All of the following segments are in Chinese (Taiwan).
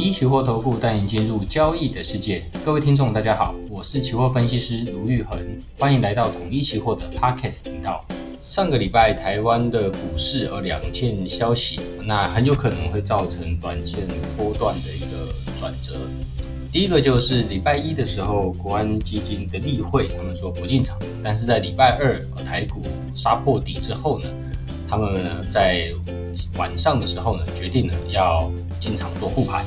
統一期貨投顧帶你進入交易的世界。各位聽眾，大家好，我是期貨分析師盧昱衡，歡迎來到統一期貨的 Podcast 頻道。上個禮拜，台灣的股市有兩件消息，那很有可能會造成短線波段的一個轉折。第一個就是禮拜一的時候，國安基金的例會，他們說不進場，但是在禮拜二台股殺破底之後呢，他們呢在晚上的時候呢，決定呢要進場做護盤。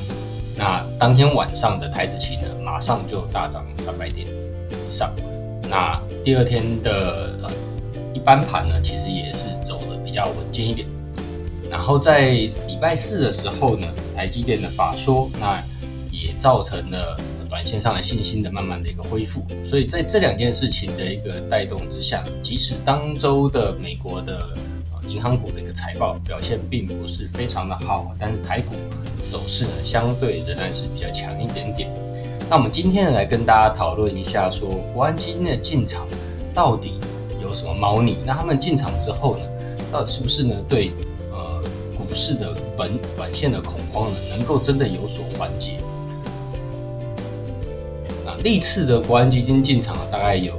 那當天晚上的台指期呢，馬上就大漲三百點以上。那第二天的、呃、一般盤呢，其實也是走的比較穩健一點。然後在禮拜四的時候呢，台積電的法說，那也造成了短線上的信心的慢慢的一個恢復。所以在這兩件事情的一個帶動之下，即使當周的美國的呃、銀行股的一個財報表現並不是非常的好，但是台股走勢呢，相對仍然是比較強一點點。那我們今天來跟大家討論一下說，說國安基金的進場到底有什麼貓膩？那他們進場之後呢，到底是不是呢對呃股市的本短線的恐慌呢能夠真的有所緩解？那歷次的國安基金進場大概有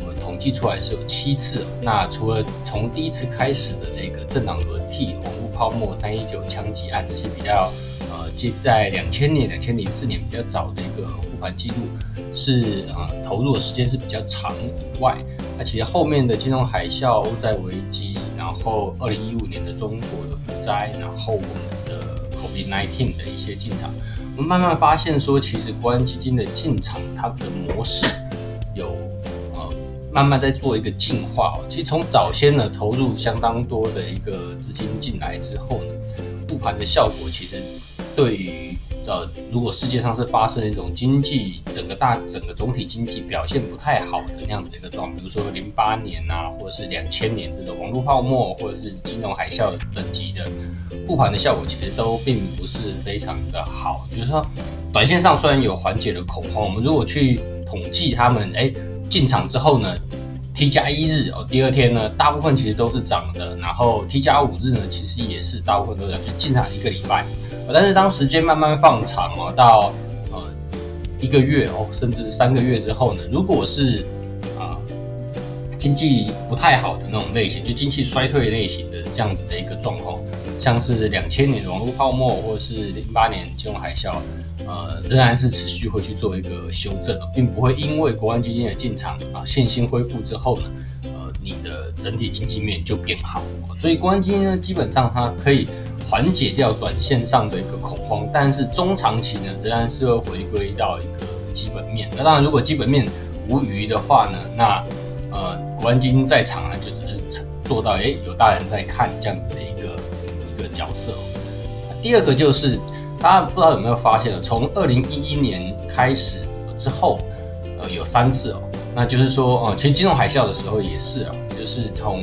我們統計出來是有七次喔。那除了從第一次開始的這個政黨輪替、網路泡沫、三一九槍擊案這些比較。呃，即在兩千年、兩千零四年比較早的一個護盤記錄，是、嗯、呃投入的時間是比較長以外，那其實後面的金融海嘯、歐債危機，然後二零一五年的中國的股災，然後我們的 COVID nineteen 的一些進場，我們慢慢發現說，其實國安基金的進場，它的模式有呃、嗯、慢慢在做一個進化。其實從早先呢投入相當多的一個資金進來之後呢，護盤的效果其實。對於，呃，如果世界上是發生一種經濟整個大整個總體經濟表現不太好的那樣子的一個狀況，比如說零八年啊，或者是兩千年這種網絡泡沫或者是金融海嘯等級的護盤的效果，其實都並不是非常的好。就是說，短線上雖然有緩解的恐慌，我們如果去統計他們，哎，進場之後呢？T 加一日哦，第二天呢，大部分其實都是漲的。然後 T 加五日呢，其實也是大部分都漲，就進場一個禮拜、哦。但是當時間慢慢放長哦，到呃一個月哦，甚至三個月之後呢，如果是啊、呃、經濟不太好的那種類型，就經濟衰退類型的這樣子的一個狀況。像是兩千年網絡泡沫，或是零八年金融海嘯，呃，仍然是持續會去做一個修正，並不會因為國安基金的進場啊，信心恢復之後呢，呃，你的整體經濟面就變好，哦。所以國安基金呢，基本上它可以緩解掉短線上的一個恐慌，但是中長期呢，仍然是會回歸到一個基本面。那、啊、當然，如果基本面無虞的話呢，那呃，國安基金在場啊，就只是做到，誒，有大人在看這樣子的。角色，哦，第二個就是大家不知道有沒有發現呢？從二零一一年開始之後，呃，有三次哦，那就是說，呃，其實金融海嘯的時候也是啊，就是從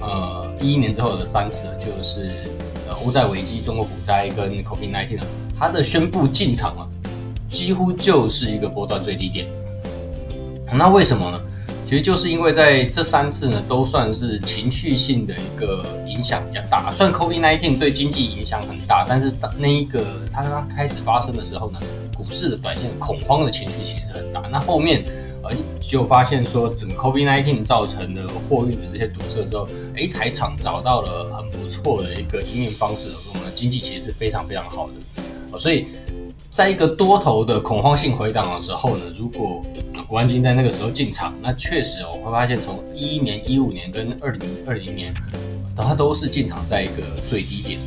呃一一年之後的三次，啊，就是呃歐債危機、中國股災跟 COVID-19 啊，它的宣布進場啊，幾乎就是一個波段最低點。那為什麼呢？其實就是因為在這三次呢，都算是情緒性的一個影響比較大。算 COVID-19 對經濟影響很大，但是當那一個它剛剛開始發生的時候呢，股市的短線恐慌的情緒其實很大。那後面，呃，就發現說，整個 COVID-19 造成的貨運的這些堵塞之後，哎，台廠找到了很不錯的一個營運方式，我們的經濟其實是非常非常好的。哦，所以。在一個多頭的恐慌性回檔的時候呢，如果國安基金在那個時候進場，那確實我會發現，從一一年、一五年跟二零二零年，它都是進場在一個最低點。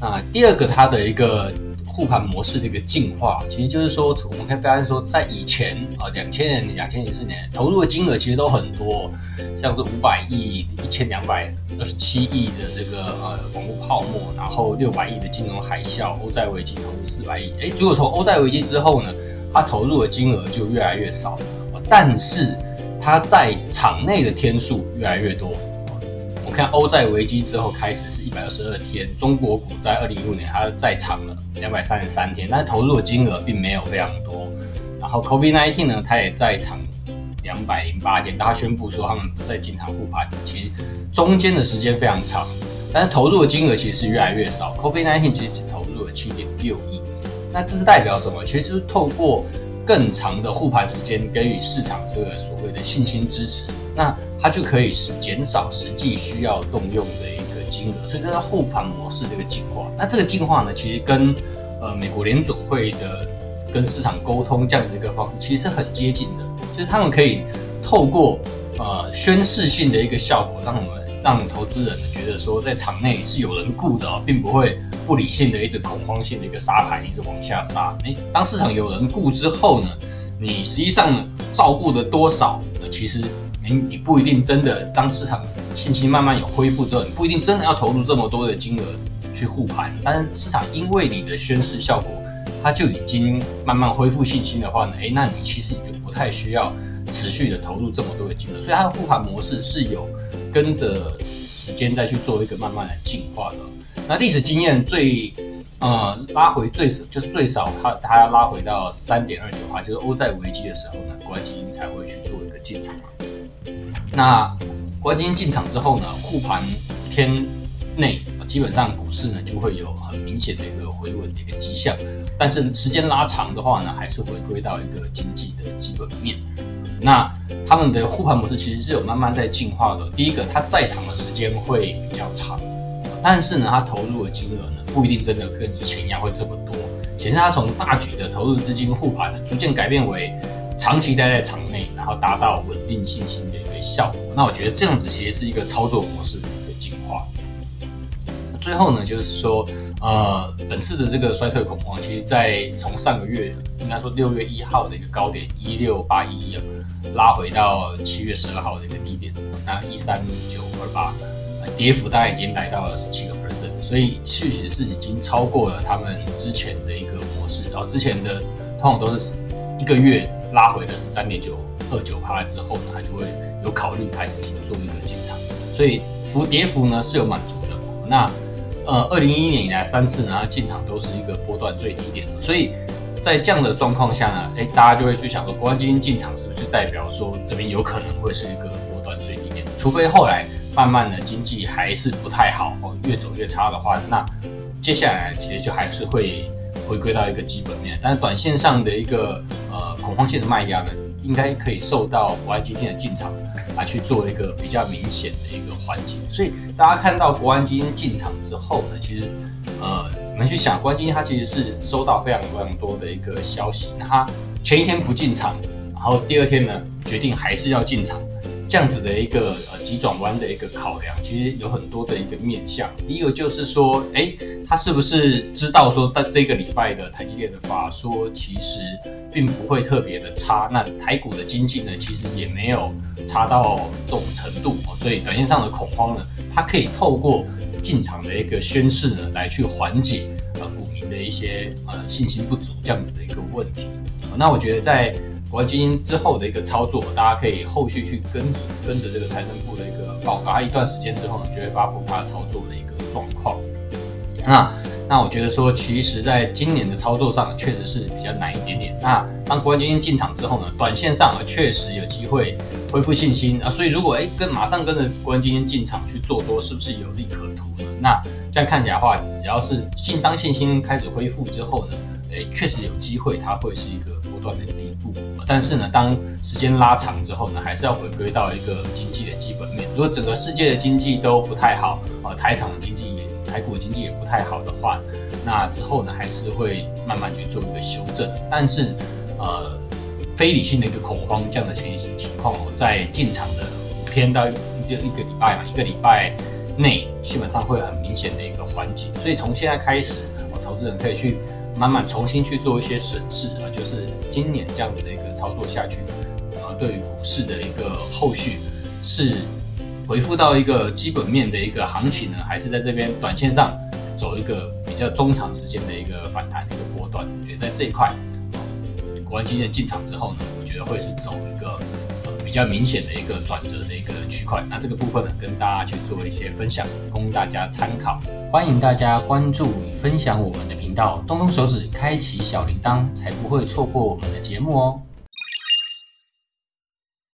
那第二個，它的一個。復盤模式的一個進化，其實就是說，我們可以發現說，在以前啊，呃、兩千年、兩千零四年投入的金額其實都很多，像是五百億、一千兩百二十七億的這個呃網絡泡沫，然後六百億的金融海嘯、歐債危機投入四百億。哎，如果從歐債危機之後呢，它投入的金額就越來越少，但是它在場內的天數越來越多。像歐債危機之後開始是一百二十二天，中國股在二零一五年它在場了兩百三十三天，但是投入的金額並沒有非常多。然後 COVID nineteen 呢，它也在場兩百零八天，但它宣布說他們不再進場護盤，其實中間的時間非常長，但是投入的金額其實是越來越少。COVID nineteen 其實只投入了七點六億，那這是代表什麼？其實就是透過。更長的護盤時間，給予市場這個所謂的信心支持，那它就可以是減少實際需要動用的一個金額，所以這是護盤模式的一個進化。那這個進化呢，其實跟呃美國聯準會的跟市場溝通這樣的一個方式，其實是很接近的。就是他們可以透過呃宣示性的一個效果，讓我們讓投資人覺得說在場內是有人顧的，並不會。不理性的一直恐慌性的一個殺盤，一直往下殺、欸。當市場有人顧之後呢，你實際上照顧的多少呢？其實你、欸、你不一定真的。當市場信心慢慢有恢復之後，你不一定真的要投入這麼多的金額去護盤。但是市場因為你的宣示效果，它就已經慢慢恢復信心的話呢，哎、欸，那你其實你就不太需要持續的投入這麼多的金額。所以它的護盤模式是有跟着時間再去做一個慢慢來進化的。那歷史經驗最，呃，拉回最少就是最少它，它它要拉回到三點二九，就是歐債危機的時候呢，國安基金才會去做一個進場。那國安基金進場之後呢，護盤天內，基本上股市呢就會有很明顯的一個回穩的一個跡象。但是時間拉長的話呢，還是回歸到一個經濟的基本面。那他們的護盤模式其實是有慢慢在進化的，第一個，它在場的時間會比較長。但是呢，他投入的金額呢，不一定真的跟以前一樣會這麼多，顯示他從大舉的投入資金護盤，逐漸改變為長期待在場內，然後達到穩定信心的一個效果。那我覺得這樣子其實是一個操作模式的一個進化。最後呢，就是說，呃，本次的這個衰退恐慌，其實在從上個月應該說六月一號的一個高點一六八一一，11, 拉回到七月十二號的一個低點，那一三九二八。跌幅大概已經來到了十七個 percent，所以確實是已經超過了他們之前的一個模式。然後之前的通常都是一個月拉回了十三點九二九趴之後呢，它就會有考慮開始新做一個進場。所以幅跌幅呢是有滿足的。那呃，二零一一年以來三次呢，它進場都是一個波段最低點。所以在這樣的狀況下呢，誒大家就會去想說，國安基金進場是不是就代表說這邊有可能會是一個波段最低點？除非後來。慢慢的經濟還是不太好，越走越差的話，那接下來其實就還是會回歸到一個基本面。但是短線上的一個呃恐慌性的賣壓呢，應該可以受到國安基金的進場來，啊，去做一個比較明顯的一個緩解。所以大家看到國安基金進場之後呢，其實呃我們去想，國安基金它其實是收到非常非常多的一個消息，它前一天不進場，然後第二天呢決定還是要進場。這樣子的一個呃急轉彎的一個考量，其實有很多的一個面向。一個就是說，哎、欸，他是不是知道說，他這個禮拜的台積電的法說其實並不會特別的差，那台股的經濟呢，其實也沒有差到這種程度，所以短線上的恐慌呢，它可以透過進場的一個宣示呢，來去緩解呃股民的一些呃信心不足這樣子的一個問題。那我覺得在國安基金之後的一個操作，大家可以後續去跟緊，跟着這個財政部的一個報告。它一段時間之後呢，就會發佈它操作的一個狀況。那那我覺得說，其實在今年的操作上呢，確實是比較難一點點。那當國安基金進場之後呢，短線上啊確實有機會恢復信心啊，所以如果哎、欸、跟馬上跟着國安基金進場去做多，是不是有利可圖呢？那這樣看起來的話，只要是信當信心開始恢復之後呢，哎、欸、確實有機會，它會是一個。斷的底部，但是呢，當時間拉長之後呢，還是要回歸到一個經濟的基本面。如果整個世界的經濟都不太好啊、呃，台場的經濟也、台股的經濟也不太好的話，那之後呢，還是會慢慢去做一個修正。但是，呃，非理性的一個恐慌這樣的情情況，在進場的五天到一個禮拜嘛，一個禮拜內基本上會有很明顯的一個緩解。所以從現在開始，我、哦、投資人可以去。慢慢重新去做一些審視啊，就是今年這樣子的一個操作下去呢，對於股市的一個後續是回復到一個基本面的一個行情呢，還是在這邊短線上走一個比較中長時間的一個反彈的一個波段？我覺得在這一塊，國安基金進場之後呢，我覺得會是走一個，呃，比較明顯的一個轉折的一個區塊。那這個部分呢，跟大家去做一些分享，供大家參考。歡迎大家關注分享我們的。要動動手指，開啟小鈴鐺，才不會錯過我們的節目哦。